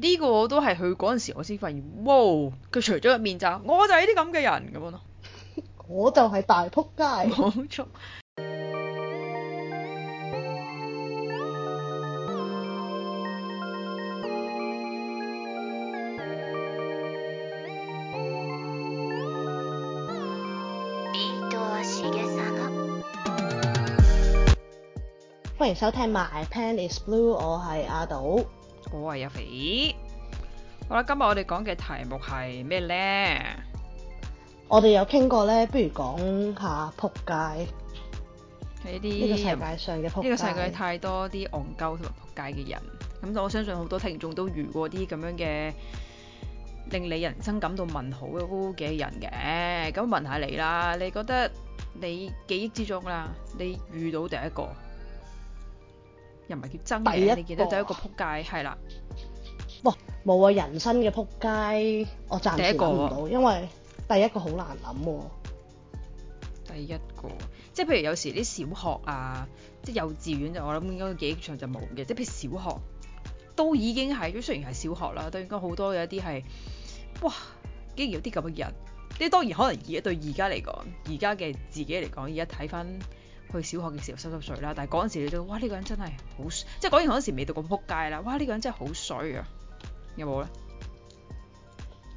呢個都我都係去嗰陣時，我先發現，哇！佢除咗入面咋，我就係啲咁嘅人咁咯。我 就係大仆街。冇錯。歡迎收聽 My Pen Is Blue，我係阿杜。我係阿肥。好啦，今日我哋講嘅題目係咩呢？我哋有傾過呢，不如講下扑街。喺呢個世界上嘅扑街，呢個世界太多啲戇鳩同埋扑街嘅人。咁我相信好多聽眾都遇過啲咁樣嘅，令你人生感到問號嘅人嘅。咁問下你啦，你覺得你記憶之中啦，你遇到第一個？又唔係叫爭議，第你記得就一個撲街，係啦。哇，冇啊！人生嘅撲街，我暫時諗唔到，因為第一個好難諗喎、啊。第一個，即係譬如有時啲小學啊，即係幼稚園就我諗應該記憶上就冇嘅，即係譬如小學都已經係，雖然係小學啦，都應該好多有一啲係哇，竟然有啲咁嘅人。啲當然可能而家對而家嚟講，而家嘅自己嚟講，而家睇翻。去小學嘅時候濕濕碎啦，但係嗰陣時你都，哇，呢個人真係好，即係講完嗰陣時未讀過撲街啦，哇，呢個人真係好衰啊！有冇咧？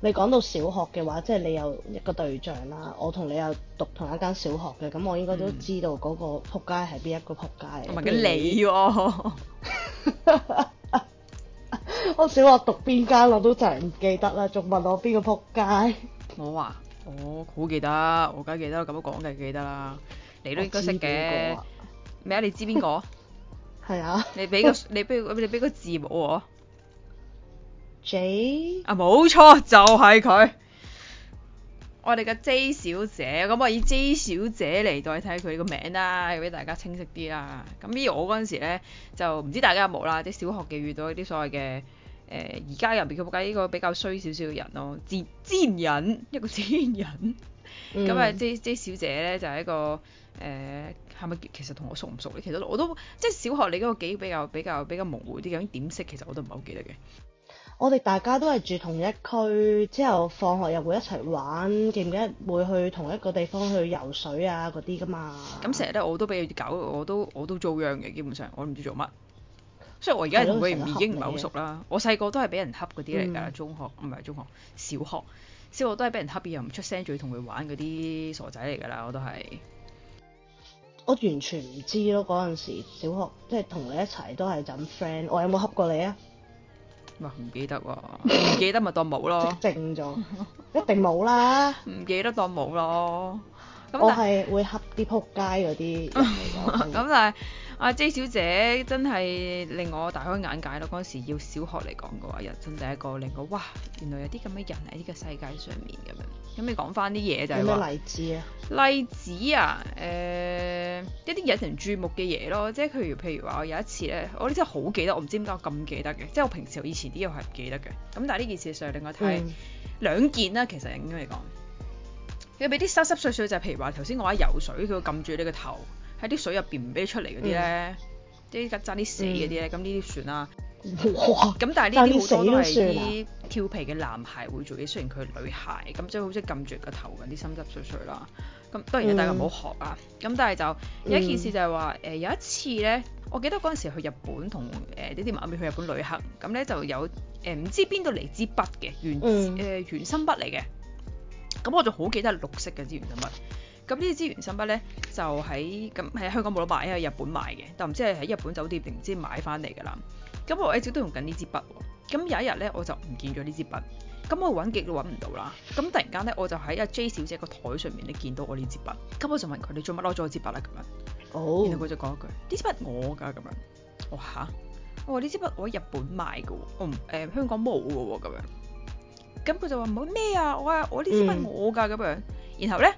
你講到小學嘅話，即係你有一個對象啦，我同你又讀同一間小學嘅，咁我應該都知道嗰個撲街係邊一個撲街。同埋你喎，我小學讀邊間我都成唔記得啦，仲問我邊個撲街？我話我好記得，我梗係記得啦，咁樣講梗係記得啦。你都應該識嘅，咩啊？你知邊、 啊、個？係啊。你俾個你俾你俾個字母喎。J 啊，冇錯，就係、是、佢。我哋嘅 J 小姐，咁我以 J 小姐嚟代替佢個名啦，俾大家清晰啲啦。咁呢我嗰陣時咧，就唔知大家有冇啦，即係小學嘅遇到一啲所謂嘅誒而家入面佢仆街，依、呃、個比較衰少少嘅人咯，賤賤人，一個賤人。咁啊、嗯，J J 小姐咧就係、是、一個。誒係咪其實同我熟唔熟咧？其實我都即係小學，你嗰個記憶比較比較比較模糊啲，究竟點識，其實我都唔係好記得嘅。我哋大家都係住同一區，之後放學又會一齊玩，記唔記得會去同一個地方去游水啊嗰啲噶嘛？咁成日咧，我都俾佢搞，我都我都遭殃嘅。基本上我都唔知做乜，所以我而家同佢已經唔係好熟啦。我細個都係俾人恰嗰啲嚟㗎，嗯、中學唔係中學，小學小學都係俾人恰，又唔出聲，仲要同佢玩嗰啲傻仔嚟㗎啦，我都係。我完全唔知咯，嗰陣時小學即係同你一齊都係咁 friend，我有冇恰過你啊？哇， 唔 記得喎，唔 記得咪當冇咯，正咗，一定冇啦，唔記得當冇咯。咁我係會恰啲撲街嗰啲咁但係。阿、啊、J 小姐真係令我大開眼界咯！嗰陣時要小學嚟講嘅話，人生第一個令我哇，原來有啲咁嘅人喺呢個世界上面咁樣。咁你講翻啲嘢就係、是、話，例子，例子啊，例子啊，誒一啲引人注目嘅嘢咯，即係譬如譬如話，我有一次咧，我呢真係好記得，我唔知點解我咁記得嘅，即係我平時我以前啲嘢係唔記得嘅。咁但係呢件事上令我睇的兩件啦、啊，其實應該嚟講，你俾啲濕濕碎碎就係、是、譬如話頭先，我喺游水佢會撳住你個頭。喺啲水入邊唔俾出嚟嗰啲咧，啲揸啲死嗰啲咧，咁呢啲算啦。咁哇但係呢啲好多都係啲調皮嘅男孩會做嘅，雖然佢係女孩，咁即係好中意撳住個頭揾啲心急碎碎啦。咁當然大家唔好學啊。咁、嗯、但係就有一件事就係話，誒、呃、有一次咧，我記得嗰陣時去日本同誒呢啲媽咪去日本旅行，咁咧就有誒唔、呃、知邊度嚟支筆嘅原誒圓芯筆嚟嘅，咁我就好記得係綠色嘅支圓芯筆。咁呢支資源筆咧就喺咁喺香港冇得買，因為日本買嘅，但唔知係喺日本酒店定唔知買翻嚟㗎啦。咁我一直都用緊、哦、呢支筆。咁有一日咧我就唔見咗呢支筆。咁我揾極都揾唔到啦。咁突然間咧我就喺阿 J 小姐個台上面咧見到我呢支筆。咁我就問佢：你做乜攞咗支筆啦、啊？咁樣，oh. 樣。哦。然後佢就講一句：呢支筆我㗎咁樣。哇嚇！我話呢支筆我喺日本買㗎喎。嗯。誒、呃、香港冇㗎喎咁樣。咁佢就話：唔好咩啊！我係我呢支筆我㗎咁樣。然後咧。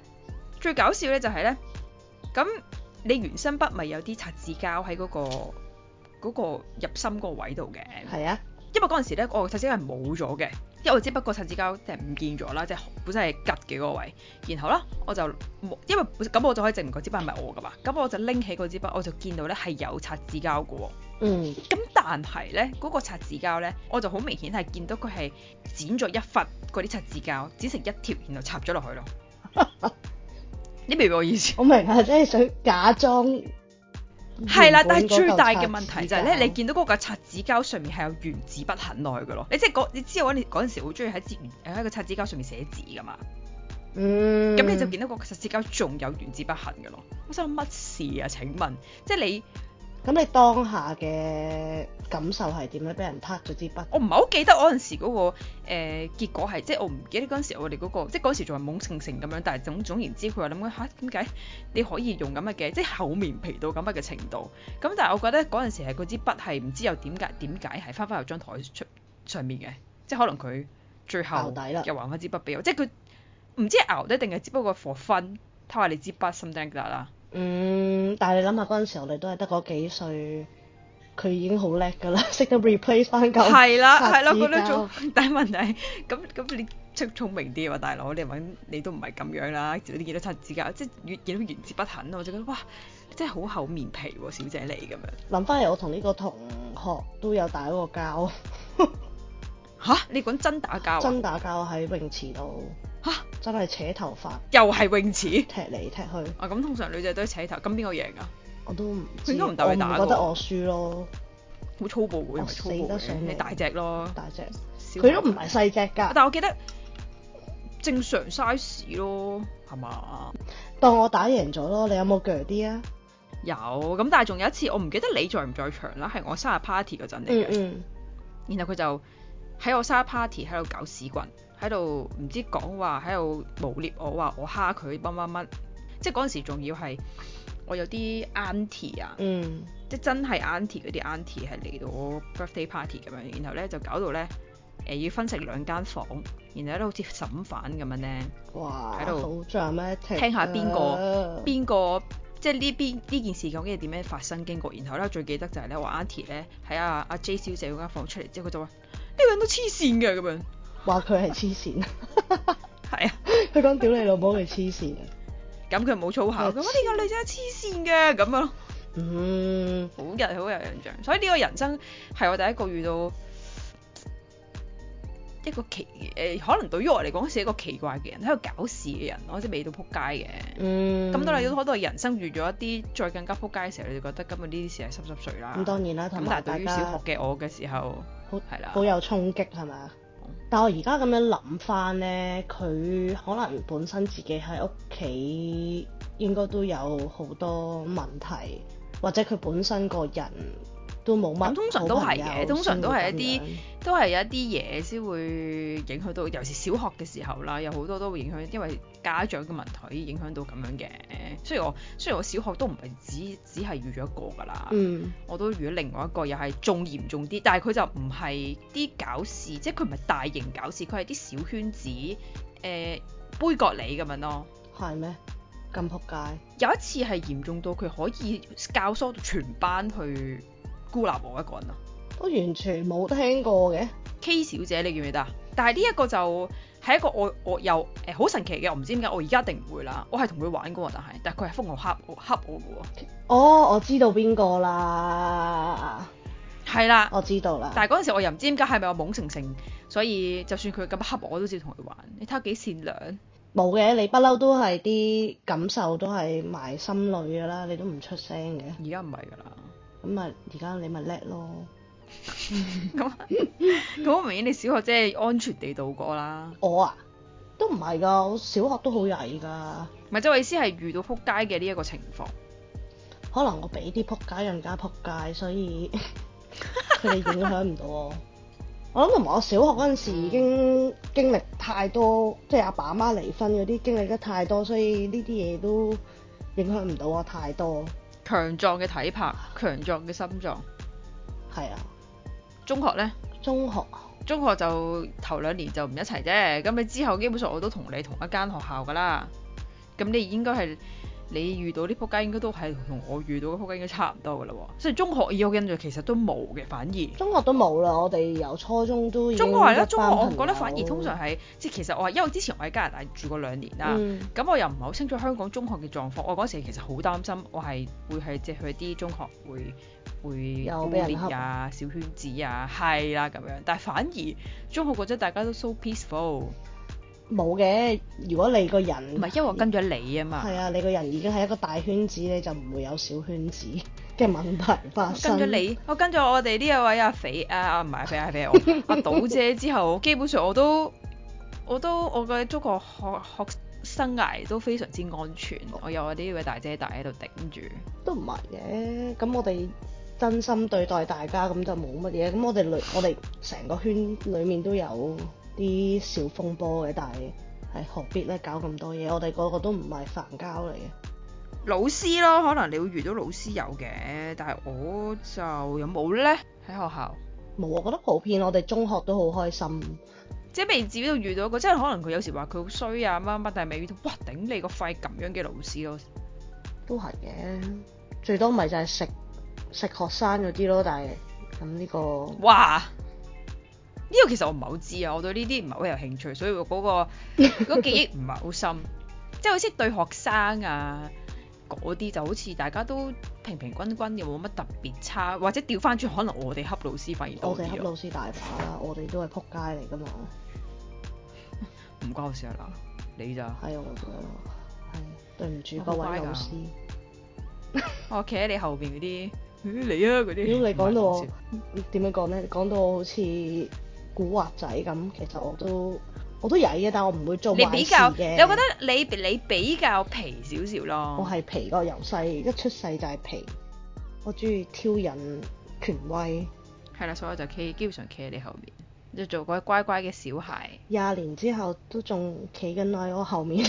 最搞笑咧就係、是、咧，咁你原生筆咪有啲擦字膠喺嗰、那個那個入心嗰個位度嘅。係啊，因為嗰陣時咧，我個擦紙膠係冇咗嘅，因為我支筆個擦紙膠即係唔見咗啦，即、就、係、是、本身係吉嘅嗰個位。然後啦，我就冇，因為咁我就可以證明支筆係咪我㗎嘛。咁我就拎起嗰支筆，我就見到咧係有擦字膠嘅。嗯。咁但係咧，嗰、那個擦字膠咧，我就好明顯係見到佢係剪咗一忽嗰啲擦字膠，剪成一條，然後插咗落去咯。 你明唔明我意思？我明白，即係想假裝。係啦，但係最大嘅問題就係咧，你見到嗰個擦紙膠上面係有原子筆痕落嘅咯。你即係你知道我嗰陣時好中意喺字喺個擦紙膠上面寫字噶嘛。嗯。咁你就見到個擦紙膠仲有原子筆痕嘅咯。我想問乜事啊？請問，即係你。咁你當下嘅感受係點咧？俾人撻咗支筆，我唔係好記得嗰陣時嗰、嗰個、呃、結果係，即係我唔記得嗰陣時我哋嗰、嗰個，即係嗰時仲係懵盛盛咁樣。但係總總言之，佢話諗下點解你可以用咁嘅嘅，即係厚面皮到咁乜嘅程度。咁但係我覺得嗰陣時係嗰支筆係唔知又點解點解係翻返入張枱出上面嘅，即係可能佢最後又還翻支筆俾我，即係佢唔知熬得定係只不過 for fun 他話你支筆心得唔得？嗯，但係你諗下嗰陣時候我，你都係得嗰幾歲，佢已經好叻噶啦，識得 replace 翻舊刷子牙。係啦，係咯，佢都做。但係問題，咁咁你即係聰明啲話，大佬，你搵你都唔係咁樣啦，樣你見到刷子牙，即係越見到原汁不痕，我就覺得哇，真係好厚面皮喎，小姐你咁樣。諗翻嚟，我同呢個同學都有打過交。吓、啊？你講真打交？真打交喺泳池度。嚇！真係扯頭髮，又係泳池踢嚟踢去。啊咁，通常女仔都係扯頭，咁邊個贏啊？我都唔知。佢應該唔鬥佢打。我覺得我輸咯，好粗暴喎，粗你大隻咯，大隻。佢都唔係細隻㗎。但係我記得正常 size 咯，係嘛？當我打贏咗咯，你有冇腳啲啊？有咁，但係仲有一次，我唔記得你在唔在場啦，係我生日 party 嗰陣嚟嘅。嗯嗯。然後佢就喺我生日 party 喺度搞屎棍。喺度唔知講話，喺度污蔑我話我蝦佢乜乜乜，即係嗰陣時仲要係我有啲 auntie 啊、嗯，即係真係 auntie 嗰啲 auntie 係嚟到我 birthday party 咁樣，然後咧就搞到咧誒、呃、要分成兩間房，然後咧好似審犯咁樣咧，喺度哇那好 dramatic、啊、聽下邊個邊個即係呢邊呢件事究竟點樣發生經過，然後咧最記得就係、是、咧我 auntie 咧喺阿阿 J 小姐嗰間房出嚟之後，佢就話呢個人都黐線嘅咁樣。話佢係黐線，係 是啊，佢講屌你老母佢黐線，咁佢冇粗口，咁我呢個女仔黐線嘅，咁樣咯，嗯，好日好有印象，所以呢個人生係我第一個遇到一個奇誒、呃，可能對於我嚟講是一個奇怪嘅人，喺度搞事嘅人，好似未到仆街嘅，嗯，咁多例都好多人生遇咗一啲再更加仆街嘅時候，你就覺得今日呢啲事係濕濕碎啦，咁、嗯、當然啦，咁但係對於小學嘅我嘅時候，嗯、對好係啦，好有衝擊係嘛？但我而家咁樣諗翻咧，佢可能本身自己喺屋企應該都有好多問題，或者佢本身個人。都冇乜，通常都係嘅，通常都係一啲都係有一啲嘢先會影響到。尤其小學嘅時候啦，有好多都會影響，因為家長嘅問題影響到咁樣嘅。雖然我雖然我小學都唔係只只係遇咗一個㗎啦，嗯、我都遇咗另外一個又係仲嚴重啲，但係佢就唔係啲搞事，即係佢唔係大型搞事，佢係啲小圈子誒、呃、杯葛你咁樣咯。係咩咁仆街？有一次係嚴重到佢可以教唆全班去孤立我一個人啊！都完全冇聽過嘅。K 小姐，你記唔記得啊？但係呢一個就係一個我我又誒好神奇嘅，我唔知點解我而家一定唔會啦。我係同佢玩噶，但係但係佢係瘋狂恰恰我噶。哦，我知道邊個啦。係啦，我知道啦。但係嗰陣時我又唔知點解係咪我懵成成，所以就算佢咁恰我都照同佢玩。你睇下幾善良。冇嘅，你不嬲都係啲感受都係埋心裏噶啦，你都唔出聲嘅。而家唔係噶啦。咁咪，而家你咪叻咯！咁咁，明顯你小學即係安全地度過啦。 我啊，都唔係㗎，我小學都好曳㗎。唔係，即我意思係遇到撲街嘅呢一個情況。可能我俾啲撲街，人家撲街，所以佢 哋影響唔到我。 我諗同埋我小學嗰陣時已經經歷太多， 即係阿爸阿媽離婚嗰啲經歷得太多，所以呢啲嘢都影響唔到我太多。強壯嘅體魄，強壯嘅心臟，係啊。中學呢？中學，中學就頭兩年就唔一齊啫。咁你之後基本上我都同你同一間學校㗎喇。咁你應該係。你遇到呢仆街應該都係同我遇到嗰仆街應該差唔多㗎啦喎，雖然中學有印象其實都冇嘅，反而中學都冇啦，我哋由初中都已經中學係啦，中學我覺得反而通常係即係其實我係因為之前我喺加拿大住過兩年啦，咁、嗯、我又唔係好清楚香港中學嘅狀況，我嗰時其實好擔心我係會係即去啲中學會會分裂啊、小圈子啊，係啦咁樣，但係反而中學嗰陣大家都 so peaceful。冇嘅，如果你個人唔係因為我跟咗你啊嘛，係啊，你個人已經係一個大圈子你就唔會有小圈子嘅問題發生。 跟咗你，我跟咗我哋呢位阿肥啊，唔係肥阿肥，我阿賭姐之後，基本上我都我都我嘅中國學學生涯都非常之安全，我有我呢位大姐大喺度頂住。都唔係嘅，咁我哋真心對待大家，咁就冇乜嘢。咁我哋我哋成個圈裡面都有。 啲小風波嘅，但係係何必咧搞咁多嘢？我哋個個都唔係煩膠嚟嘅。老師咯，可能你會遇到老師有嘅，但係我就有冇呢？喺學校冇我覺得普遍，我哋中學都好開心。即係未至於遇到遇到個，即係可能佢有時話佢好衰啊乜乜，但係未遇到哇頂你個肺咁樣嘅老師咯。都係嘅。最多咪就係食食學生嗰啲咯，但係咁呢個。哇！呢個其實我唔係好知啊，我對呢啲唔係好有興趣，所以嗰、嗰個嗰、嗰個記憶唔係好深。 即係好似對學生啊嗰啲，就好似大家都平平均均，又冇乜特別差，或者調翻轉，可能我哋恰老師反而多啲。我哋恰老師大把啦，我哋都係撲街嚟㗎嘛。唔 關我事啊，啦，你就，係啊、 哎，我係。對唔住嗰位老師， 我企喺你後邊嗰啲。咦、 哎？你啊嗰啲？屌！你講到我點樣講咧？講到我好似～古惑仔咁，其實我都我都曳嘅，但我唔會做壞事嘅。你覺得你你比較皮少少咯。我係皮過由細，一出世就係皮。我中意挑釁權威。係啦，所以我就企基本上企喺你後面，就係做個乖乖嘅小孩。廿年之後都仲企緊喺我後面，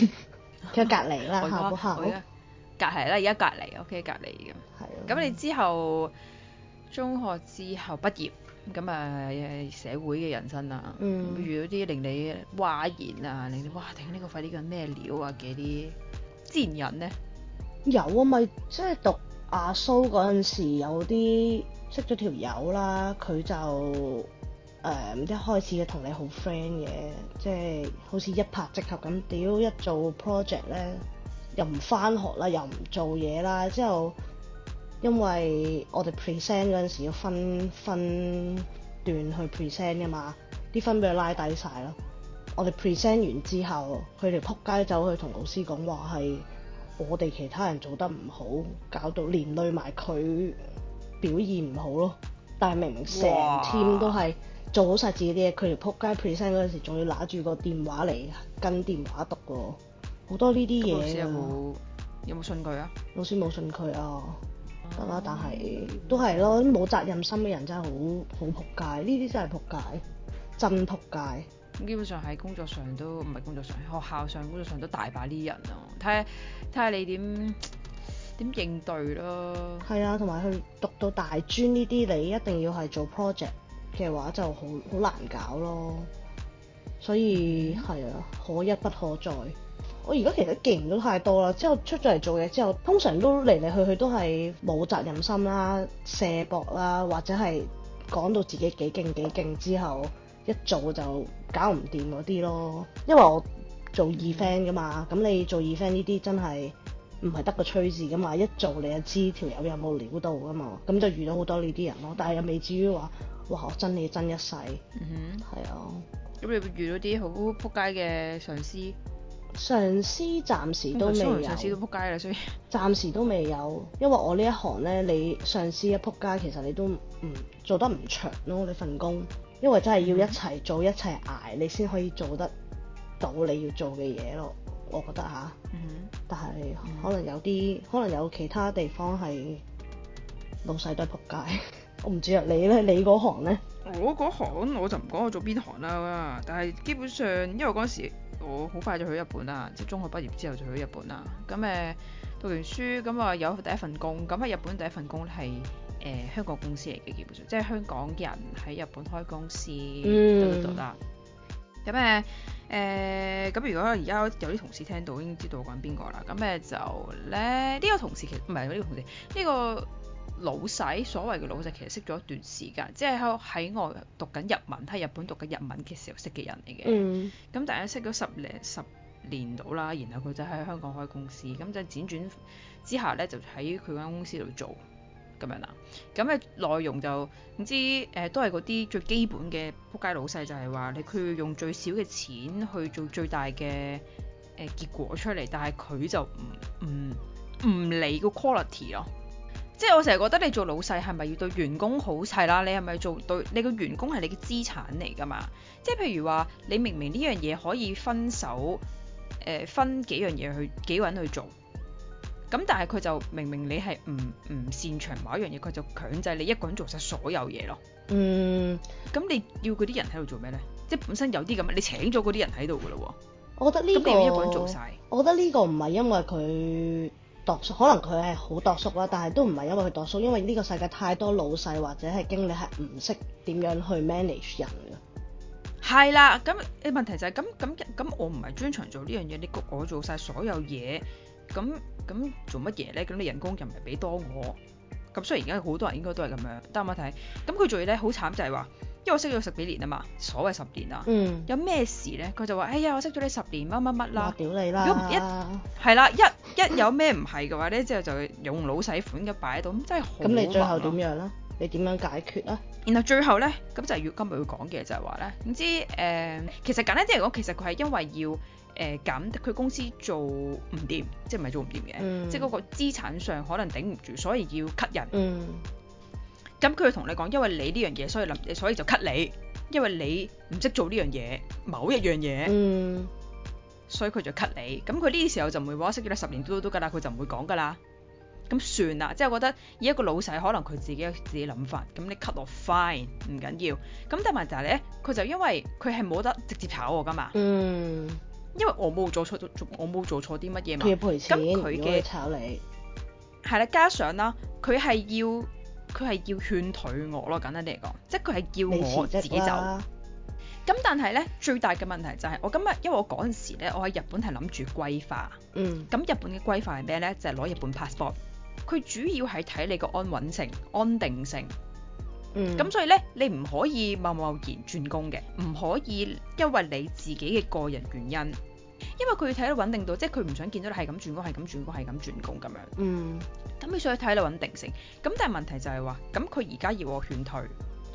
喺 隔離啦， 我也下個下個隔係啦，而家隔離屋企隔離咁。係了。咁你之後中學之後畢業？咁啊，社會嘅人生啊，嗯、遇到啲令你嘩然啊，令你哇，頂呢個快啲叫咩料啊嘅啲賤人咧？有啊咪，即係讀阿蘇嗰陣時有啲識咗條友啦，佢就誒、呃、一開始嘅同你好 friend 嘅，即係好似一拍即合咁，屌一做 project 咧又唔翻學啦，又唔做嘢啦，之後。因為我哋 present 嗰陣時要分分段去 present 噶嘛，啲分俾佢拉低晒咯。我哋 present 完之後，佢哋撲街走去同老師講話係我哋其他人做得唔好，搞到連累埋佢表現唔好咯。但係明明成 team 都係做好晒自己啲嘢，佢哋撲街 present 嗰陣時仲要拿住個電話嚟跟電話讀喎，好多呢啲嘢，老師有冇有冇信佢啊？老師冇信佢啊！得啦，啊、但係都係咯，冇責任心嘅人真係好好仆街，呢啲真係仆街，真仆街。咁基本上喺工作上都唔係工作上，學校上、工作上都大把呢啲人咯。睇下睇下你點點應對咯。係啊，同埋去讀到大專呢啲，你一定要係做 project 嘅話就，就好好難搞咯。所以係啊，可一不可再。我而家其實見唔到太多啦。之後出咗嚟做嘢之後，通常都嚟嚟去去都係冇責任心啦、卸薄啦，或者係講到自己幾勁幾勁之後，一做就搞唔掂嗰啲咯。因為我做二 f r n 噶嘛，咁你做二 f r n 呢啲真係唔係得個吹字噶嘛。一做你就知條友有冇料到噶嘛，咁就遇到好多呢啲人咯。但係又未至於話哇，真你真一世，嗯哼，係啊。咁你會遇到啲好撲街嘅上司？上司暫時都未有，上司都仆街啦，所以暫時都未有。嗯、因為我呢一行呢，你上司一仆街，其實你都唔做得唔長咯，你份工。因為真係要一齊做、嗯、一齊捱，你先可以做得到你要做嘅嘢咯。我覺得吓，啊嗯、但係可能有啲，嗯、可能有其他地方係老細都仆街。 我唔知啊，你呢，你嗰行呢？我嗰行我就唔講我做邊行啦，但係基本上因為嗰陣時。我好快就去日本啦，即係中學畢業之後就去日本啦。咁誒讀完書咁啊有第一份工，咁喺日本第一份工係誒、呃、香港公司嚟嘅，基本上即係香港人喺日本開公司就得啦。咁誒誒咁如果而家有啲同事聽到，已經知道我講邊個啦。咁誒就咧呢個同事其實唔係呢個同事呢個老細，所謂嘅老細其實識咗一段時間，即係喺喺外讀緊日文，喺日本讀緊日文嘅時候識嘅人嚟嘅。咁大家識咗十零十年到啦，然後佢就喺香港開公司，咁就輾轉之下咧，就喺佢間公司度做咁樣啦。咁嘅內容就唔知，誒、呃，都係嗰啲最基本嘅仆街老細，就係話你佢用最少嘅錢去做最大嘅誒、呃、結果出嚟，但係佢就唔唔唔理個 quality 咯。即係我成日覺得你做老細係咪要對員工好細啦？你係咪做對你個員工係你嘅資產嚟㗎嘛？即係譬如話你明明呢樣嘢可以分手，誒、呃、分幾樣嘢去幾個人去做，咁但係佢就明明你係唔唔擅長某一樣嘢，佢就強制你一個人做晒所有嘢咯。嗯，咁你要嗰啲人喺度做咩呢？即係本身有啲咁你請咗嗰啲人喺度㗎咯喎。我覺得呢、呢個，一個人做晒我覺得呢個唔係因為佢。可能佢係好度縮啦，但係都唔係因為佢度縮，因為呢個世界太多老細或者係經理係唔識點樣去 manage 人㗎，係啦。咁問題就係咁咁咁，我唔係專長做呢樣嘢，你焗我做晒所有嘢，咁咁做乜嘢呢？咁你人工又唔係俾多我？咁雖然而家好多人應該都係咁樣，得唔得睇？咁佢做嘢咧好慘，就係、是、話，因為我識咗十幾年啊嘛，所謂十年啊，嗯、有咩事咧？佢就話：哎呀，我識咗你十年乜乜乜啦。屌你啦！如果一係啦，一一有咩唔係嘅話咧， 之後就用老細款嘅擺喺度，咁真係好。咁你最後點樣啦？你點樣解決啦？然後最後咧，咁就係今日要講嘅就係話咧，唔知，誒、呃，其實簡單啲嚟講，其實佢係因為要。誒減佢公司做唔掂，即係唔係做唔掂嘅，嗯、即係嗰個資產上可能頂唔住，所以要 cut 人。咁佢會同你講，因為你呢樣嘢，所以諗，所以就 cut 你，因為你唔識做呢樣嘢某一樣嘢，嗯、所以佢就 cut 你。咁佢呢時候就唔會話識叫你十年都都都㗎啦，佢就唔會講㗎啦。咁算啦，即係我覺得以一個老細，可能佢自己有自己諗法，咁你 cut 落 fine 唔緊要。咁但係就係咧，佢就因為佢係冇得直接炒我㗎嘛。嗯。因為我冇做錯，我冇做錯啲乜嘢嘛。佢要賠錢，如果炒你係啦，加上啦，佢係要佢係要勸退我咯，簡單啲嚟講，即係佢係叫我自己走。咁但係咧，最大嘅問題就係我今日因為我嗰陣時咧，我喺日本係諗住歸化。嗯。咁日本嘅歸化係咩咧？就係攞日本 passport。佢主要係睇你個安穩性、安定性。咁、嗯、所以咧，你唔可以貿貿然轉工嘅，唔可以因為你自己嘅個人原因，因為佢要睇到穩定度，即係佢唔想見到你係咁轉工、係咁轉工、係咁轉工咁樣。嗯。咁你所以睇到穩定性。咁但係問題就係話，咁佢而家要我勸退，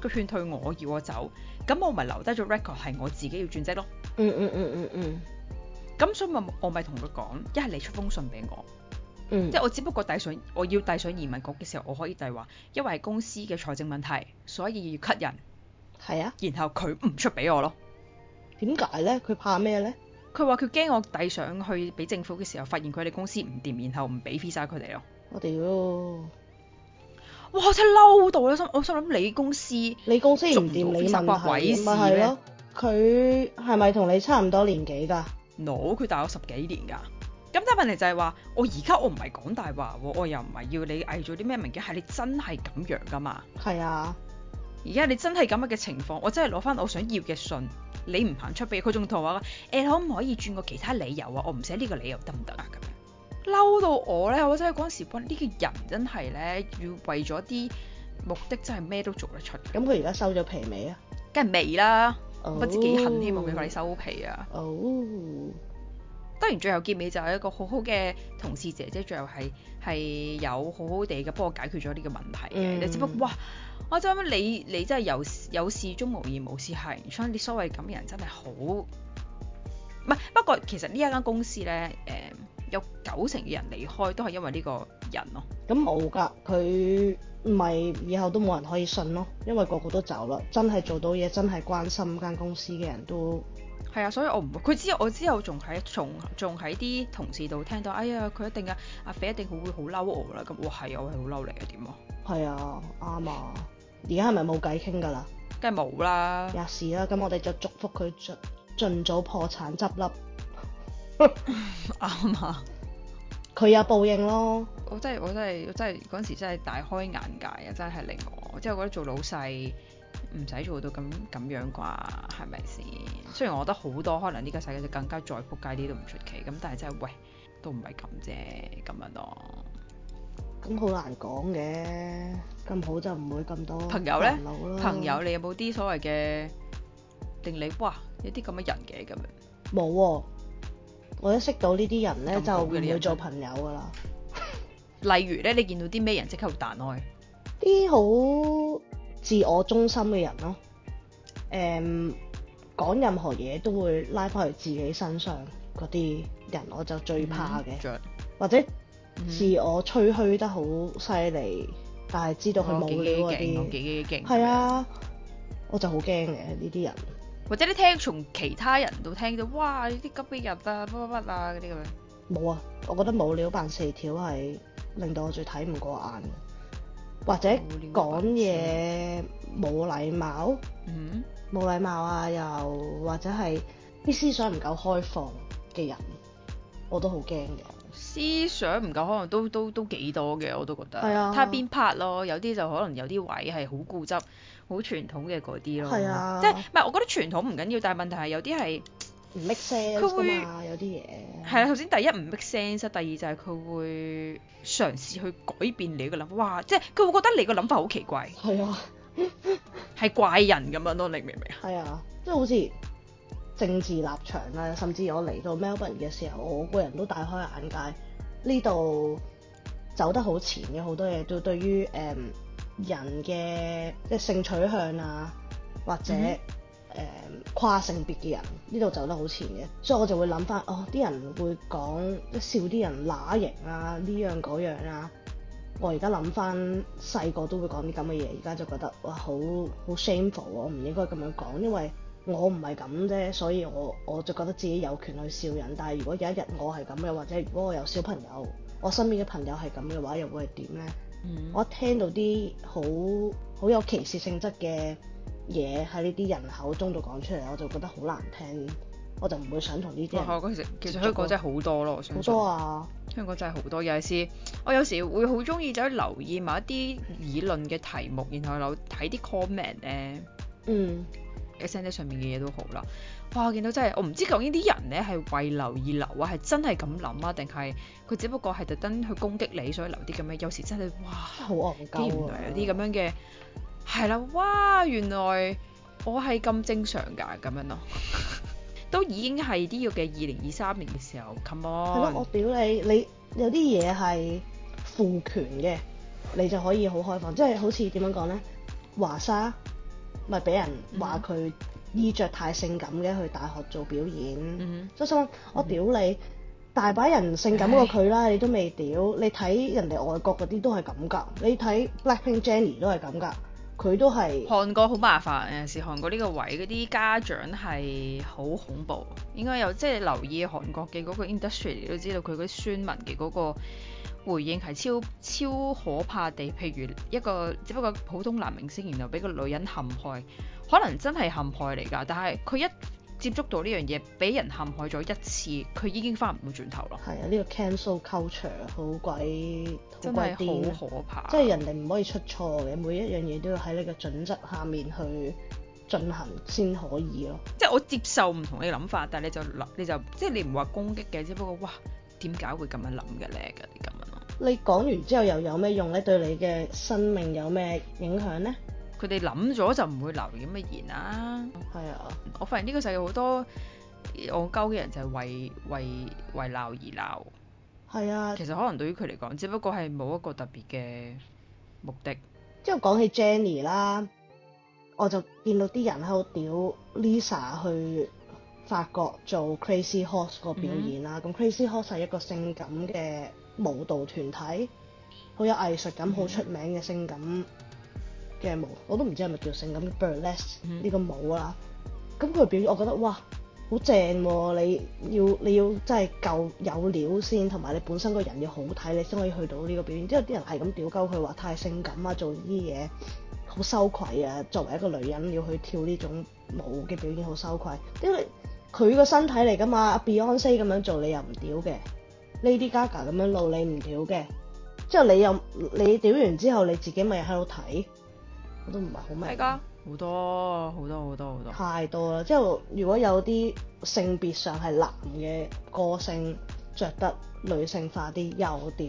佢勸退我要我走，咁我咪留低咗 record 係我自己要轉職咯。嗯嗯嗯嗯嗯。咁、嗯嗯嗯、所以咪我咪同佢講，一係你出封信俾我。即係我只不過遞上我要遞上移民局嘅時候，我可以遞話，因為公司嘅財政問題，所以要 cut 人。係啊。然後佢唔出俾我咯。點解咧？佢怕咩咧？佢話佢驚我遞上去俾政府嘅時候，發現佢哋公司唔掂，然後唔俾 visa 佢哋咯。我屌！哇，真係嬲到啦！心，我想諗你公司，你公司唔掂，你問鬼事咩？佢係咪同你差唔多年紀噶？no，佢大我十幾年噶。咁但問題就係話，我而家我唔係講大話喎，我又唔係要你偽造啲咩名嘅，係你真係咁樣噶嘛？係啊，而家你真係咁樣嘅情況，我真係攞翻我想要嘅信，你唔行出俾佢仲圖話誒，可唔可以轉個其他理由啊？我唔寫呢個理由得唔得啊？咁樣，嬲到我咧，我真係嗰陣時，呢個人真係咧，要為咗啲目的真係咩都做得出。咁佢而家收咗皮未啊？梗係未啦，oh，不知幾恨、oh，希望佢快啲收皮啊！哦。Oh. 當然最後結尾就係一個好好嘅同事姐姐，最後係係有好好地嘅幫我解決咗呢個問題嘅。你、嗯、只不過哇，我就諗你你真係有有事中無言無事係，所以你所謂咁嘅人真係好唔係。不過其實呢一間公司咧，誒、嗯、有九成嘅人離開都係因為呢個人咯。咁冇㗎，佢咪以後都冇人可以信咯，因為個個都走啦。真係做到嘢，真係關心間公司嘅人都。係啊，所以我唔佢之後，我之後仲喺仲仲喺啲同事度聽到，哎呀，佢一定啊，阿肥一定會好嬲我啦。咁，我係我係好嬲你啊，點啊？係啊，啱啊。而家係咪冇偈傾㗎啦？梗係冇啦。吔屎啦！咁我哋就祝福佢盡盡早破產執笠。啱 啊媽。佢有報應咯。我真係我真係真係嗰陣時真係大開眼界啊！真係令我即係覺得做老細。唔使做到咁咁樣啩，係咪先？雖然我覺得好多可能呢個世界就更加再撲街啲都唔出奇，咁但係真係喂，都唔係咁啫咁樣囉。咁好難講嘅，咁好就唔會咁多朋友咧。朋友呢？朋友，你有冇啲所謂嘅定你哇有啲咁嘅人嘅咁樣？冇、啊，我一識到呢啲人咧，就唔會做朋友噶啦。 例如咧，你見到啲咩人即刻彈開？啲好。自我中心嘅人咯，哦，誒、um，講任何嘢都會拉翻去自己身上嗰啲人，我就最怕嘅，嗯、或者自我吹噓得好犀利，嗯、但係知道佢冇料嗰啲，係、哦哦、啊，麼我就好驚嘅呢啲人，或者你聽從其他人度聽到，哇呢啲急逼人啊，乜乜乜啊嗰啲咁樣，冇啊，我覺得冇料扮四條係令到我最睇唔過眼。或者講嘢冇禮貌，嗯，冇禮貌啊！又或者係啲思想唔夠開放嘅人，我都好驚嘅。思想唔夠可能都都都幾多嘅，我都覺得。係啊，睇下邊 part 咯，有啲就可能有啲位係好固執、好傳統嘅嗰啲咯。係啊，即係唔係？我覺得傳統唔緊要，但係問題係有啲係。唔 make sense 㗎嘛，會有啲嘢。係啊，首先第一唔 make sense，第二就係佢會嘗試去改變你個諗法，哇！即係佢會覺得你個諗法好奇怪。係是啊， 係怪人咁樣咯，你明唔明啊？係啊，即係好似政治立場啊，甚至我嚟到 Melbourne 嘅時候，我個人都大開眼界，呢度走得好前嘅，好多嘢，對對於誒、嗯、人嘅即係性取向啊，或者、嗯。跨性別嘅人呢度走得好前嘅，所以我就會諗翻，哦，啲人會講笑，啲人乸型啊呢樣嗰樣啊，我而家諗翻細個都會講啲咁嘅嘢，而家就覺得哇，好好 shameful，我唔應該咁樣講，因為我唔係咁啫，所以我我就覺得自己有權去笑人，但係如果有一日我係咁嘅，或者如果我有小朋友，我身邊嘅朋友係咁嘅話，又會係點呢？嗯、我聽到啲好好有歧視性質嘅。嘢喺呢啲人口中度講出嚟，我就覺得好難聽，我就唔會想同呢啲。其實香港真係好多咯，好多啊！香港真係好多意思。我有時會好中意走去留意某一啲議論嘅題目，然後留睇啲 comment 咧。嗯。SNS 上面嘅嘢都好啦。哇！我見到真係我唔知究竟啲人咧係為留意而留啊，係真係咁諗啊，定係佢只不過係特登去攻擊你，所以留啲咁嘅。有時真係哇，好戇鳩，原來有啲咁樣嘅。嗯嗯嗯。係啦，哇！原來我係咁正常㗎，咁樣咯，都已經係啲要嘅二零二三年嘅時候，come on。係咯，我屌你，你有啲嘢係賦權嘅，你就可以好開放，即係好似點樣講咧？華莎咪俾人話佢衣着太性感嘅，mm hmm. 去大學做表演，mm hmm. 所以我我屌你，大把、mm hmm. 人性感過佢啦的，你都未屌？你睇人哋外國嗰啲都係咁㗎，你睇 Blackpink Jenny 都係咁㗎。佢都係韓國好麻煩，有時韓國呢個位嗰啲家長係好恐怖，應該有即係你留意韓國嘅嗰個 industry，你都知道佢嗰啲宣文嘅嗰個回應係超超可怕地，譬如一個只不過普通男明星，然後俾個女人陷害，可能真係陷害嚟㗎，但係佢一。接觸到呢樣嘢，俾人陷害咗一次，佢已經翻唔會轉頭咯。係啊，呢個 cancel culture 好鬼好鬼癲，好可怕。即係人哋唔可以出錯嘅，每一樣嘢都要喺你嘅準則下面去進行先可以咯。即係我接受唔同嘅諗法，但係你就諗，你就，你就即係你唔話攻擊嘅，只不過哇，點解會咁樣諗嘅咧？嗰啲咁樣咯。你講完之後又有咩用咧？對你嘅生命有咩影響咧？佢哋諗咗就唔會留啲咁嘅言啦。係啊，Yeah. 我發現呢個世界好多戇鳩嘅人就係為為為鬧而鬧。係啊，其實可能對於佢嚟講，只不過係冇一個特別嘅目的。即係講起 Jenny 啦，我就見到啲人喺度屌 Lisa 去法國做 Crazy Horse 個表演啦。咁、mm hmm. Crazy Horse 係一個性感嘅舞蹈團體，好有藝術感，好出、mm hmm. 名嘅性感。嘅舞我都唔知係咪叫性感，burlesque 呢、嗯、個舞啊，咁佢表演，我覺得哇好正喎！你要你要真係夠有料先，同埋你本身個人要好睇，你先可以去到呢個表演。之後啲人係咁屌鳩佢話太性感啊，做啲嘢好羞愧啊。作為一個女人要去跳呢種舞嘅表演，好羞愧。因為佢個身體嚟㗎嘛，Beyonce 咁樣做你又唔屌嘅，Lady Gaga 咁樣露你唔屌嘅。之後你又你屌完之後，你自己咪喺度睇。都唔係好明，係好多好多好多好多太多啦。即係如果有啲性別上係男嘅個性着得女性化啲，又屌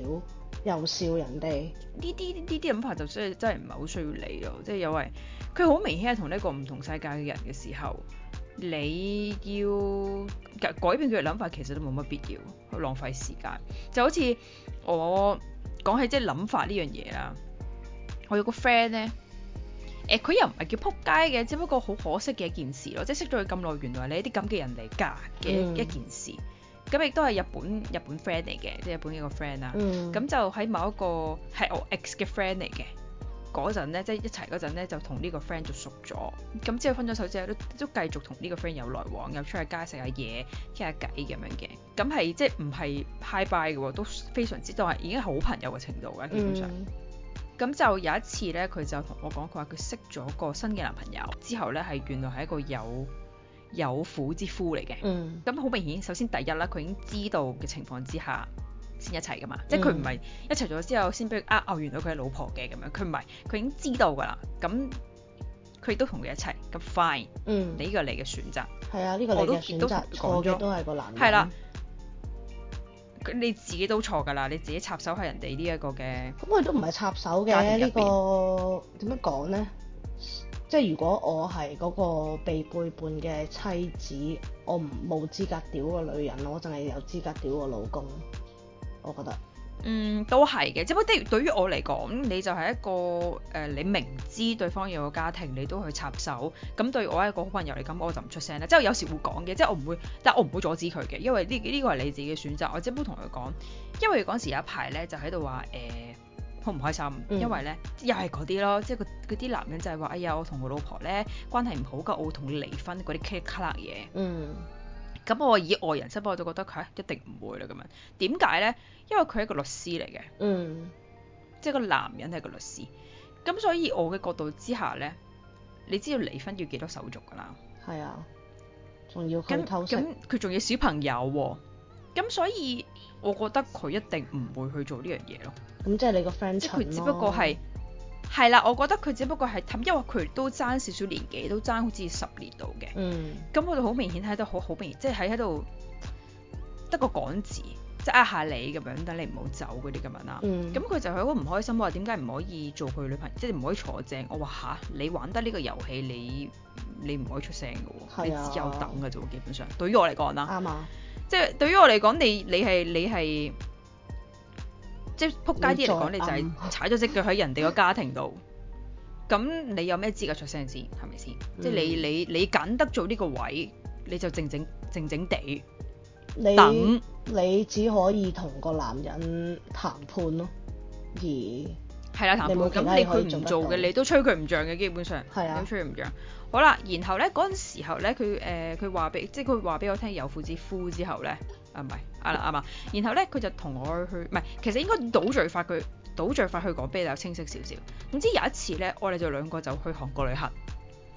又笑人哋呢啲呢啲啲諗法，就真係真係唔係好需要理咯。即係有為佢好明顯係同呢個唔同世界嘅人嘅時候，你要改改變佢嘅諗法，其實都冇乜必要，去浪費時間就好似我講起即係諗法呢樣嘢啦。我有個 friend 咧。誒佢、呃、又唔係叫撲街嘅，只不過好可惜嘅一件事咯，即係識咗佢咁耐，原來你係啲咁嘅人嚟㗎嘅一件事。咁亦都係日本日本 friend 嚟嘅，即日本一個 friend 啦。咁、嗯、就喺某一個係我 ex 嘅 friend 嚟嘅嗰陣咧，即係一齊嗰陣咧，就同呢個 friend 就熟咗。咁之後分咗手之後都都繼續同呢個 friend 有來往，又出去街食下嘢傾下偈咁樣嘅。咁係即係唔係 high bye 嘅喎，都非常之多係已經係好朋友嘅程度㗎，基本上。嗯咁就有一次咧，佢就同我講，佢話佢識咗個新嘅男朋友之後咧，係原來係一個有有婦之夫嚟嘅。嗯。咁好明顯，首先第一啦，佢已經知道嘅情況之下先一齊噶嘛，嗯、即係佢唔係一齊咗之後先俾佢啊哦，原來佢係老婆嘅咁樣，佢唔係，佢已經知道噶啦。咁佢亦都同佢一齊，咁 fine。嗯。呢個你嘅選擇。係啊，呢個你嘅選擇。我都講咗。都係個男。係啦。你自己都錯㗎啦，你自己插手係人哋呢一個嘅。咁佢都唔係插手嘅呢、呢個點樣講呢？即係如果我係嗰個被背叛嘅妻子，我唔冇資格屌個女人，我淨係有資格屌個老公，我覺得。嗯，都係嘅，即係不，對對於我嚟講，你就係一個誒、呃，你明知對方有個家庭，你都去插手，咁對我係一個好朋友，嚟咁，我就唔出聲啦。即係有時會講嘅，即係我唔會，但係我唔會阻止佢嘅，因為呢、這、呢個係、這個、你自己嘅選擇。我只不同佢講，因為嗰時有一排咧就喺度話誒，好、呃、唔開心，嗯、因為咧又係嗰啲咯，即係嗰啲男人就係話，哎呀，我同我老婆咧關係唔好噶，我同你離婚嗰啲 c u 咁我以外人身份我都覺得佢、啊、一定唔會啦咁樣，點解咧？因為佢係一個律師嚟嘅，嗯，即係個男人係個律師，咁所以我嘅角度之下咧，你知道離婚要幾多手續噶啦？係啊，仲要跟咁佢仲要小朋友、啊，咁所以我覺得佢一定唔會去做呢樣嘢咯。咁即係你個 friend 即係佢只不過係。係啦，我覺得佢只不過係氹，因為佢都爭少少年紀，都爭好似十年度嘅。嗯。咁我就好明顯睇到好好明顯，即係喺喺度得個講字，即係呃下你咁樣，等你唔好走嗰啲咁樣啦。嗯。咁佢就係好唔開心，我話點解唔可以做佢女朋友，即係唔可以坐正？我話嚇，你玩得呢個遊戲，你你唔可以出聲嘅喎，的你只有等嘅啫喎，基本上。對於我嚟講啦。啱啊，吧。即係對於我嚟講，你你係你係。你即係仆街啲人嚟講，你就係踩咗隻腳喺人哋個家庭度，咁你有咩資格出聲先？係咪先？即係你你你揀得做呢個位，你就靜靜靜靜地等。你只可以同個男人談判咯，而係啦談判。咁你佢唔做嘅，你都吹佢唔漲嘅，基本上。係啊。都吹佢唔漲。好啦，然後咧嗰陣時候咧，佢誒佢話俾即係佢話俾我聽，有婦之夫之後咧。啊唔係，阿爸阿媽。然後咧，佢就同我去，唔係，其實應該倒敘法佢倒敘法去講比較清晰少少。總之有一次咧，我哋就兩個就去韓國旅行。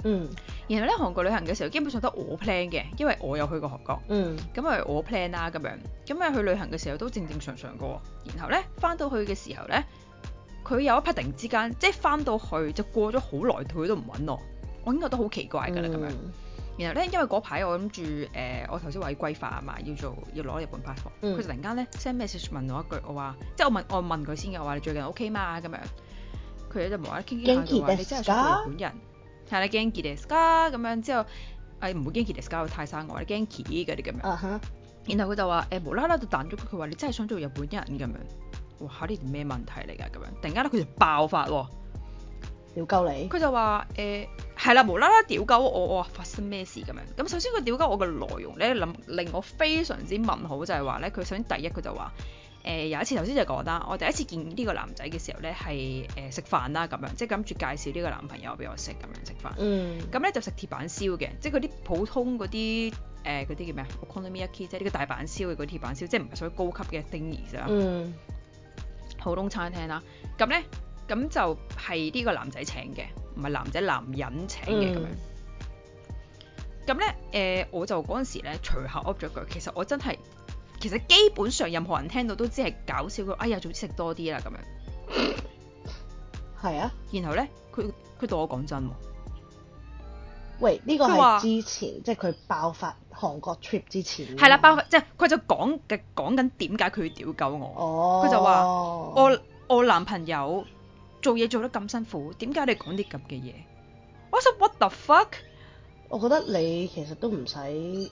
嗯。然後咧，韓國旅行嘅時候，基本上都我 plan 嘅，因為我有去過韓國。嗯。咁咪我 plan 啦，咁樣。咁啊，去旅行嘅時候都正正常常過。然後咧，翻到去嘅時候咧，佢有一 part 突然之間，即係翻到去就過咗好耐，佢都唔搵我。我已經覺得好奇怪㗎啦，咁樣。嗯。然後咧，因為嗰排我諗住誒，我頭先話要規劃啊嘛，要做要攞日本 passport。佢、嗯、突然間咧 send message 問我一句，我話即係我問我問佢先嘅，我話你最近 OK 嘛？咁樣。佢就無啦啦傾傾下，就話你真係想做日本人係、哎、你 Genki Desuka 咁樣。之後誒唔會 Genki Desuka 太生我。你 Genki 嗰啲咁樣。然後佢就話誒、欸、無啦啦就彈咗佢，佢話你真係想做日本人咁樣。哇！呢啲咩問題嚟㗎？咁樣突然間咧佢就爆發喎。屌鳩你！佢就話誒係啦，無啦啦屌鳩我，我發生咩事咁樣？咁首先佢屌鳩我嘅內容咧，令令我非常之問號，就係話咧，佢首先第一佢就話誒有一次頭先就講啦、呃，我第一次見呢個男仔嘅時候咧，係誒食飯啦咁樣，即係諗住介紹呢個男朋友俾我識。咁樣食飯。嗯。咁咧就食鐵板燒嘅，即係嗰啲普通嗰啲誒、呃、嗰啲叫咩啊？Okonomiyaki，呢個大阪燒嘅嗰啲鐵板燒，即係唔係屬於高級嘅定義上。已嗯。普通餐廳啦，咁咧。咁就係呢個男仔請嘅，唔係男仔男人請嘅咁樣。咁咧、嗯，誒、呃，我就嗰陣時咧隨口噏咗句，其實我真係，其實基本上任何人聽到都知係搞笑嘅。哎呀，早知食多啲啦咁樣。係啊。然後咧，佢佢對我講真喎。喂，呢個係之前，說即係佢爆發韓國 trip 之前。係啦、啊，爆發即係佢就講嘅講緊點解佢要屌鳩我。哦。佢就話：我我男朋友。做嘢做得咁辛苦，點解你講啲咁嘅嘢？我想 what the fuck？我覺得你其實都唔使啱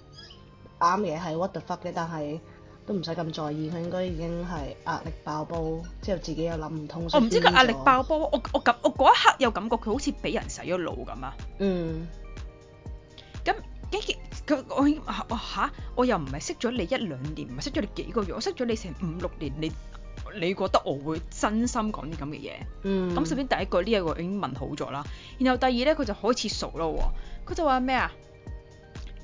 嘢係 what the fuck 嘅，但係都唔使咁在意。佢應該已經係壓力爆煲，之後自己又諗唔通。我唔知佢壓力爆煲。我我感我嗰一刻有感覺佢好似俾人洗咗腦咁啊！嗯。咁幾件佢我嚇我嚇我又唔係識咗你一兩年，唔係識咗你幾個月，我識咗你成五六年你。你覺得我會真心講啲咁嘅嘢？嗯。咁首先第一句呢一個已經問好咗啦。然後第二咧，佢就開始熟咯喎。佢就話咩啊？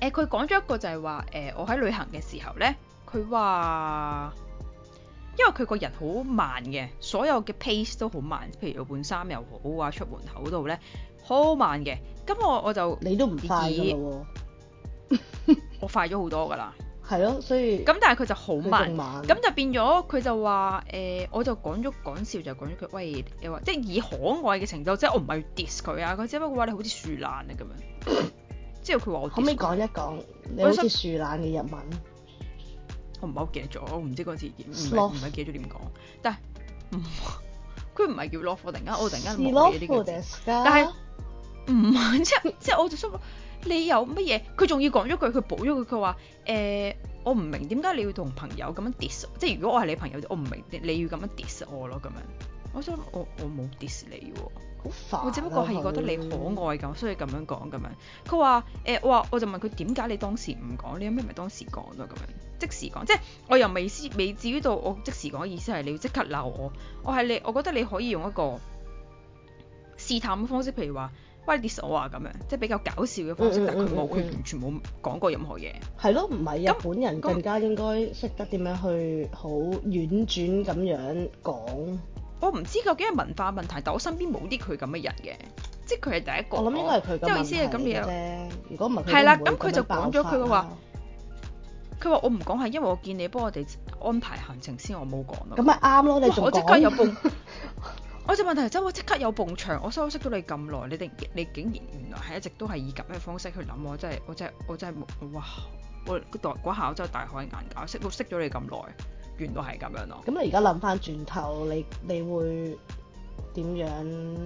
誒、呃，佢講咗一個就係話誒，我喺旅行嘅時候咧，佢話因為佢個人好慢嘅，所有嘅 pace 都好慢。譬如換衫又好啊，出門口度咧好慢嘅。咁我我，就你都唔快㗎啦喎 我快咗好多㗎啦。係咯，所以咁但係佢就好慢，咁就變咗佢就話誒、呃，我就講咗講笑就講咗佢，喂又話即係以可愛嘅程度，即係我唔係要 dis 佢啊，佢只不過話你好似樹懶啊咁樣， 之後佢話我可唔可以講一講你好似樹懶嘅日文？我唔係好記得咗，我唔知嗰次唔係唔係記咗點講，但係唔佢唔係叫 lock 突然間我突然間冇記呢句先但係唔、嗯、即係即係 我就想。你有乜嘢？佢仲要講咗句，佢補咗句，佢話：誒，呃，我唔明點解你要同朋友咁樣 dis，即係如果我係你朋友，我唔明你要咁樣 dis 我咯咁樣。我想我我冇 dis 你喎，好煩啊！我只不過係覺得你可愛咁，所以咁樣講咁樣。佢話：我，呃，哇！我就問佢點解你當時唔講？你有咩咪當時講咯咁樣，即時講。即係我又未未至於到我即時講，意思係你要即刻鬧我。我係你，我覺得你可以用一個試探嘅方式，譬如話。我啊，咁樣即係比較搞笑嘅方式，嗯嗯嗯、但佢冇，佢他完全冇講過任何嘢。係咯，唔係日本人更加應該識得點樣去好婉轉咁樣講。我唔知究竟係文化問題，但我身邊冇啲佢咁嘅人嘅，即係佢係第一個。我諗應該係佢咁嘅啫，即係意思係咁樣。如果唔係，係啦，咁佢就講咗佢嘅話。佢話：我唔講係因為我見你幫我哋安排行程先，我冇講咯。咁咪啱咯，你我即刻有報。 我隻問題係我即刻有埲牆，我收識咗你咁耐，你哋你竟然原來係一直都係以咁嘅方式去諗，我真係我真係我真係哇！我嗰下我真係大開眼界，識到識咗你咁耐，原來係咁樣咯。咁你而家諗翻轉頭，你你會點樣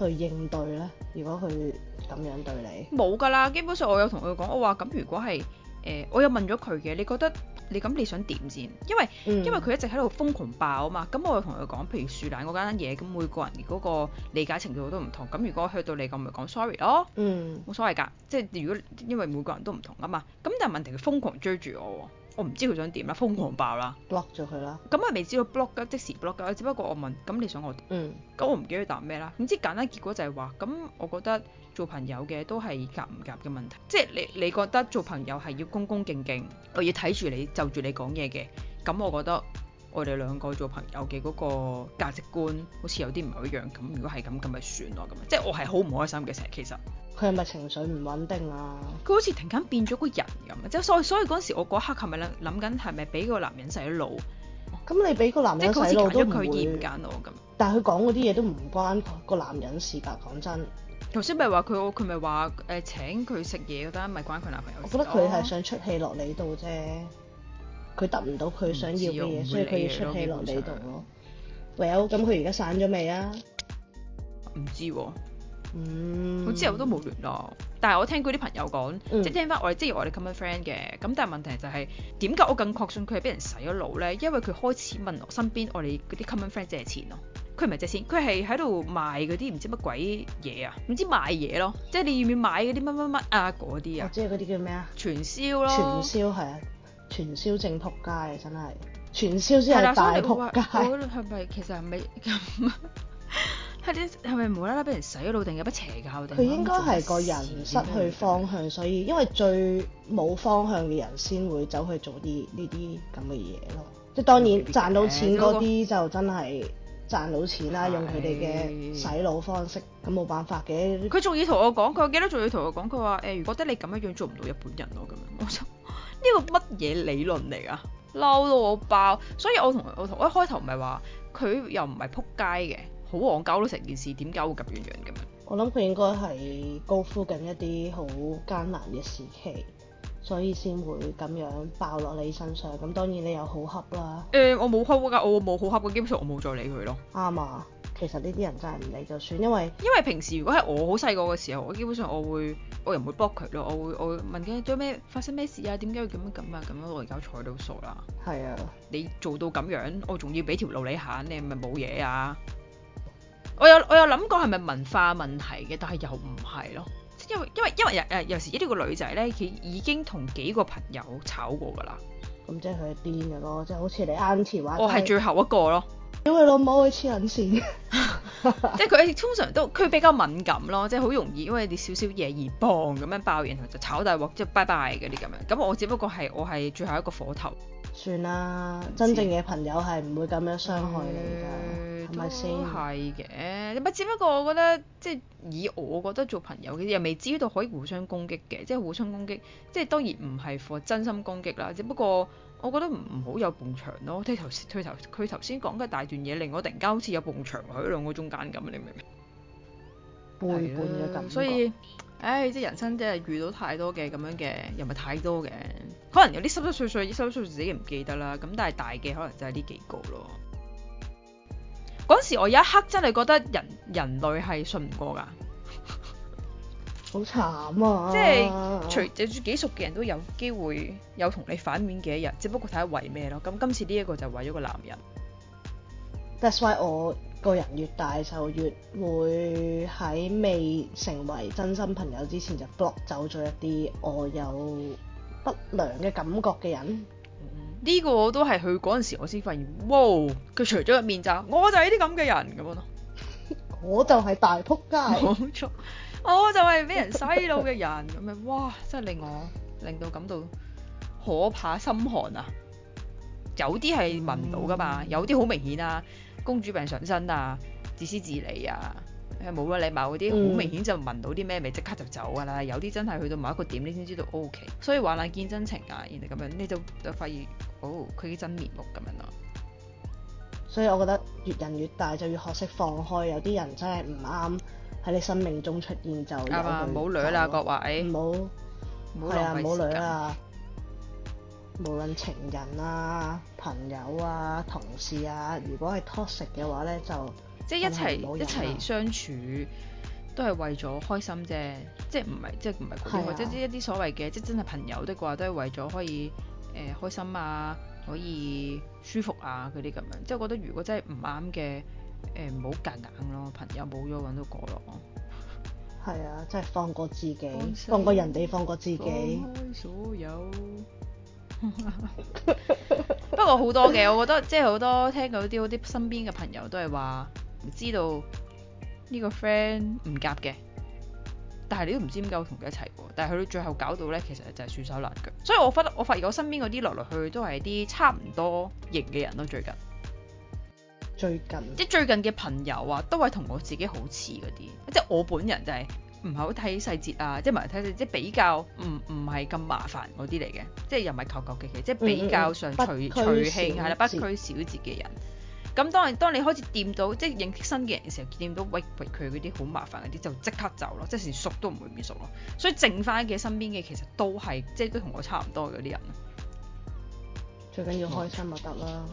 去應對咧？如果佢咁樣對你？冇㗎啦，基本上我有同佢講，我話咁如果係誒，我有問咗佢嘅，你覺得？你咁你想點先？因為、嗯、因為佢一直喺度瘋狂爆啊嘛，咁我同佢講，譬如樹懶嗰間嘢，咁每個人嗰個理解程度都唔同。咁如果去到你咁，咪講 sorry 咯，嗯，冇所謂㗎。即係如果因為每個人都唔同啊嘛，咁但係問題佢瘋狂追住我，我唔知佢想點啦，瘋狂爆啦，block 咗佢啦。咁我未知道 block 㗎，即時 block 㗎。只不過我問，咁你想我？嗯。咁我唔記得佢答咩啦。點知簡單結果就係話，咁我覺得。做朋友嘅都係夾唔夾嘅問題，即係你你覺得做朋友係要恭恭敬敬，我要睇住你就住你講嘢嘅，咁我覺得我哋兩個做朋友嘅嗰個價值觀好似有啲唔係一樣，咁如果係咁咁咪算咯。咁即係我係好唔開心嘅成，其實佢係咪情緒唔穩定啊？佢好似突然間變咗個人咁，即係所所以嗰陣時我嗰刻係咪諗諗緊係咪俾個男人洗腦？咁你俾個男人洗腦都唔會揀我咁，但係佢講嗰啲嘢都唔關個男人事㗎，講真。頭先咪話佢，佢咪話誒，請佢食嘢嗰單咪關佢男朋友，我覺得佢係想出氣落你度啫，佢揼唔到佢想要嘅嘢，所以佢要出氣落你度。唯有咁佢而家散咗未啊？唔知喎，嗯，好之後我都冇聯絡，但係我聽過啲朋友講，即係、嗯、聽翻我哋即係我哋 common friend 嘅，咁但係問題就係點解我更確信佢係俾人洗咗腦咧？因為佢開始問我身邊我哋啲 common friend 借錢咯。佢唔係借錢，佢係喺度賣嗰啲唔知乜鬼嘢啊！唔知賣嘢咯，即係你要唔要買嗰啲乜乜乜啊？嗰啲啊，即係嗰啲叫咩啊？傳銷咯，傳銷係啊，傳銷正撲街啊，真係傳銷先係大撲街。係咪其實係咪咁係啲係咪無啦啦俾人洗腦定有不邪教定？佢應該係個人失去方向，所以因為最冇方向嘅人先會走去做啲呢啲咁嘅嘢咯。即係當然賺到錢嗰啲就真係、嗰個。賺到錢啦，用佢哋嘅洗腦方式，咁冇的辦法嘅。佢仲要同我講，佢記得仲要同我講，佢話、呃、如果得你咁樣樣做唔到日本人咯咁樣。我心呢個乜嘢理論嚟啊？嬲到我爆，所以我同我同一開頭唔係話，佢又唔係撲街嘅，好戇鳩咯成件事，點解會咁樣樣咁樣？我諗佢應該係高苦緊一啲好艱難嘅時期。所以先會咁樣爆落你身上，咁當然你又好恰啦。誒、呃，我冇恰㗎，我冇好恰過，基本上我冇再理佢咯。啱啊，其實呢啲人真係唔理就算，因為因為平時如果係我好細個嘅時候，我基本上我會，我又唔會 block 佢咯，我會我會問佢做咩發生咩事啊，點解要咁啊咁啊，我而家坐到傻啦。係啊，在在啊你做到咁樣，我仲要俾條路你行，你係咪冇嘢啊？我有我有諗過係咪文化問題嘅，但係又唔係咯。因為因為因為有誒有時呢啲個女仔咧，佢已經同幾個朋友炒過㗎啦。咁即係佢係癲㗎咯，即係好似你啱前話、就係。我係最後一個咯。因為老母會黐人線， 即係佢通常都佢比較敏感咯，即係好容易因為啲少少嘢而爆咁樣爆，然後就炒大鑊，即係拜拜嗰啲咁樣。咁我只不過係我係最後一個火頭。算啦，嗯，真正嘅朋友係唔會咁樣傷害你嘅。係咪先？係係都係嘅，只不過我覺得，即係以我覺得做朋友嘅，又未至於到可以互相攻擊嘅，即係互相攻擊，即係當然唔係課真心攻擊啦。只不過我覺得唔好有埲牆咯。推係頭先，佢頭先講嘅大段嘢，令我突然間好似有埲牆喺兩個中間咁你明唔明？係啊，所以，唉，即係人生真係遇到太多嘅咁樣嘅，又唔係太多嘅。可能有啲濕濕碎碎、濕濕碎碎自己唔記得啦，咁但係大嘅可能就係呢幾個咯。嗰時我有一刻真係覺得人人類係信唔過㗎，好 慘啊！即係除就算幾熟嘅人都有機會有同你反面嘅一日，只不過睇下為咩咯。咁今次呢一個就為咗個男人。That's why 我個人越大就越會喺未成為真心朋友之前就 block 走咗一啲我有。不良嘅感覺嘅人，呢、嗯，這個我都係去嗰陣時，我先發現，哇！佢除咗個面罩，我就係啲咁嘅人咁樣咯。 我就係大仆街，冇錯，我就係俾人洗腦嘅人，咁咪 哇！真係令我令到感到可怕心寒啊！有啲係聞唔到噶嘛，嗯、有啲好明顯啦、啊，公主病上身啊，自私自利啊。誒，冇啊！禮貌嗰啲好明顯就聞到啲咩味，即刻、嗯、就，就走噶啦。有啲真係去到某一個點，你先知道 O、OK、K。所以患難，見真情啊，然後咁樣你就就發現，哦，佢啲真面目咁樣咯。所以我覺得越人越大就要學識放開，有啲人真係唔啱喺你生命中出現就有。嗯、女對啊，唔好女啦各位，唔好，係啊，唔好女啦。無論情人啊、朋友啊、同事啊，如果係 toxic 嘅話咧，就。即係一齊、啊、一齊相處，都係為咗開心啫。即係唔係即係唔係嗰啲或者一啲、啊、所謂嘅，即係真係朋友的話，都係為咗可以誒、呃、開心啊，可以舒服啊嗰啲咁樣。即係我覺得，如果真係唔啱嘅，誒唔好夾硬咯。朋友冇咗揾到過咯啊。係啊，即係放過自己，放過人哋，放過自己。 不過好多嘅，我覺得即係好多聽到啲好啲身邊嘅朋友都係話。知道呢個 friend 唔夾嘅，但係你都唔知點解會同佢一齊喎。但係去到最後搞到呢，其實就係損手爛腳。所以我發我發現我身邊嗰啲來來去去都係啲差唔多型嘅人咯。最近，最近即係最近嘅朋友啊，都係同我自己好似嗰啲，即係我本人就係唔係好睇細節啊，即係唔係睇細節，即係比較唔唔係咁麻煩嗰啲嚟嘅，即係又唔係求求其其，即係比較上隨隨興係啦，不拘小節嘅人。咁當係當你開始掂到，即係認識新嘅人嘅時候，掂到喂佢嗰啲好麻煩嗰啲，就即刻走咯，即係連熟都唔會變熟咯。所以剩翻嘅身邊嘅其實都係，即係都同我差唔多嗰啲人。最緊要開心咪得啦。嗯、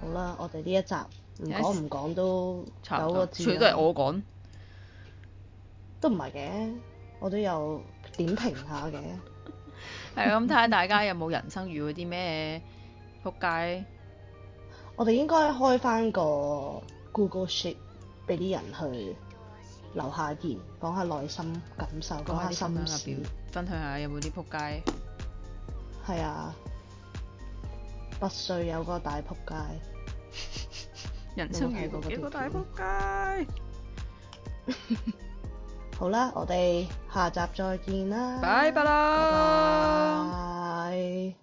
好啦，我哋呢一集唔講唔講都九個字，全都係我講，都唔係嘅，我都有點評下嘅。係咯， 咁睇下大家有冇人生遇過啲咩撲街？我哋應該開翻個 Google Sheet 俾啲人去留下言，講下內心感受，講下心事，心分享下有冇啲仆街。係啊，不需有個大仆街， 人生遇不到個，個大仆街。 好啦，我哋下集再見啦，拜拜啦。Bye bye bye bye